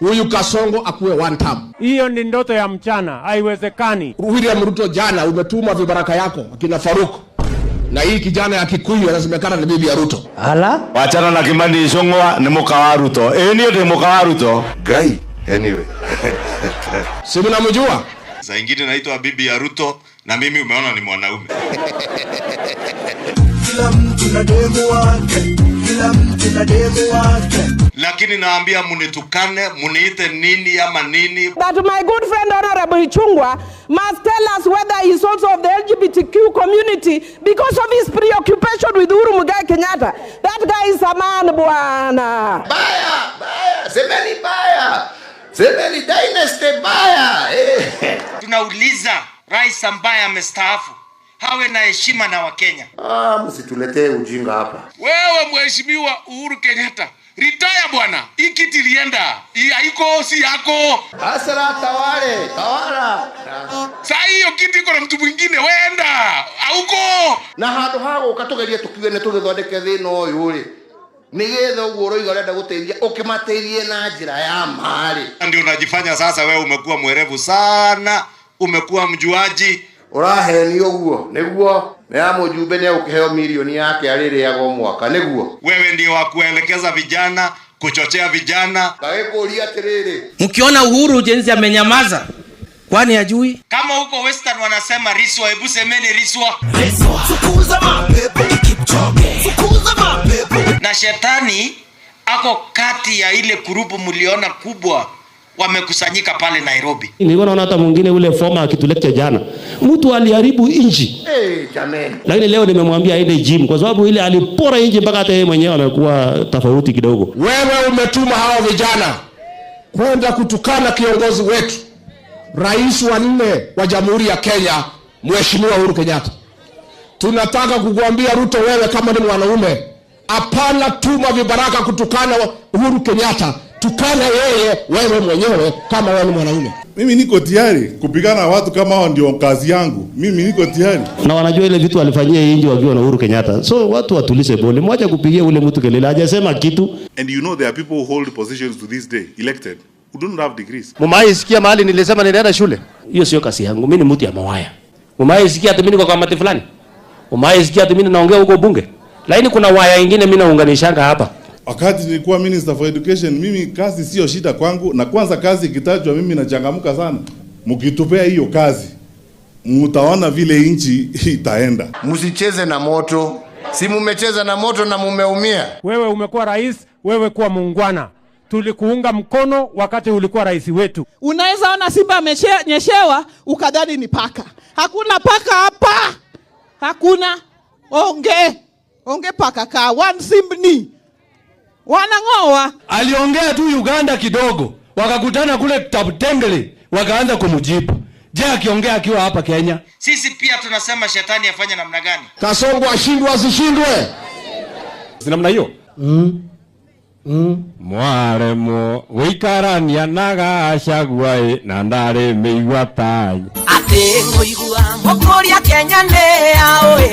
huyu Kasongo akuwe one term. Hiyo ni ndoto ya mchana, haiwezekani. William Ruto, jana umetuma vibaraka yako akina Faruk na hii kijana ya Kikuyu anasemekana ni bibi ya Ruto. Hala, wachana na Kimani Ichung'wah, ni muka wa Ruto. Ĩ niĩ ndĩ muka wa Ruto gai. Anyway. si mnamjua? Saa ingine naitwa bibi ya Ruto na mimi umeona ni mwanaume. Kila mtu na demu wake, kila mtu na demu wake lakini naambia munitukane, muniite nini ama nini. That my good friend Honorable Ichungwa must tell us whether he is also of the LGBTQ community because of his preoccupation with Uhuru Muigai Kenyatta. That guy is a man bwana. Baya, baya, semeni baya. Semeni dynasty baya. Eh. Tunauliza rais ambaye amestaafu hawe na heshima na Wakenya. Ah, msituletee ujinga hapa. Wewe mheshimiwa Uhuru Kenyatta Retire bwana, hii kiti ilienda, hii haiko, si yako. Asala tawale, tawala. Sasa hiyo kiti iko na mtu mwingine, wenda auko na handu hago ukatugeria tukiuge ni tugithondeke thina uyu ri nigetha uguo uroiga urenda guteithia ukimateithie na njira ya mari. Ndio unajifanya sasa wewe umekuwa mwerevu sana, umekuwa mjuaji, urahenio uguo niguo na ya ni milioni yake alirĩagwo mwaka nĩguo wewe ndio wa kuelekeza vijana kuchochea vijana kagĩkũria atĩrĩrĩ mkiona Uhuru Ujenzi amenyamaza kwani ajui kama huko Western wanasema riswa hebu semeni riswa mapepo Kipchoge mapepo na shetani ako kati ya ile kurubu mliona kubwa wamekusanyika pale Nairobi nilikuwa naona hata mwingine ule foma akitulete jana mtu aliharibu nchi hey, Lakini leo nimemwambia aende gym kwa sababu ile alipora nchi mpaka hata yeye mwenyewe amekuwa tofauti kidogo. Wewe umetuma hawa vijana kwenda kutukana kiongozi wetu, rais wa nne wa Jamhuri ya Kenya, Mheshimiwa Uhuru Kenyatta. Tunataka kukuambia Ruto, wewe kama ni mwanaume, hapana, tuma vibaraka kutukana Uhuru Kenyatta tukana yeye wewe mwenyewe kama wewe ni mwanaume. Mimi niko tayari kupigana na watu kama hao, ndio kazi yangu. Mimi niko tayari na wanajua ile vitu alifanyia hii nchi wakiwa na Uhuru Kenyatta, so watu watulize bole, mwache kupigia ule mtu kelele, hajasema kitu. And you know there are people who hold positions to this day elected who don't have degrees. Mumai sikia mahali nilisema nilienda shule, hiyo sio kazi yangu. Mimi ni mtu ya mawaya. Mumai sikia hata mimi niko kwa mati fulani. Mumai sikia hata mimi naongea huko bunge, lakini kuna waya nyingine mimi naunganishanga hapa wakati nilikuwa minister for education, mimi kazi sio shida kwangu, na kwanza kazi ikitajwa mimi nachangamka sana. Mkitupea hiyo kazi, mtaona vile nchi itaenda. Msicheze na moto, si mumecheza na moto na mumeumia. Wewe umekuwa rais, wewe kuwa muungwana tulikuunga mkono wakati ulikuwa rais wetu. Unaweza ona simba amenyeshewa ukadhani ni paka. Hakuna paka hapa, hakuna. Onge onge paka kaa one ni wanang'oa. Aliongea tu Uganda kidogo, wakakutana kule Tabtengele, wakaanza kumjibu. Je, akiongea akiwa hapa Kenya? Sisi pia tunasema shetani afanye namna gani? Kasongo ashindwe asishindwe, si namna hiyo mm. Mm. Mwaremo wikarania na gacagua na ndari miigua tai ati nguigua mukuria Kenya ni awe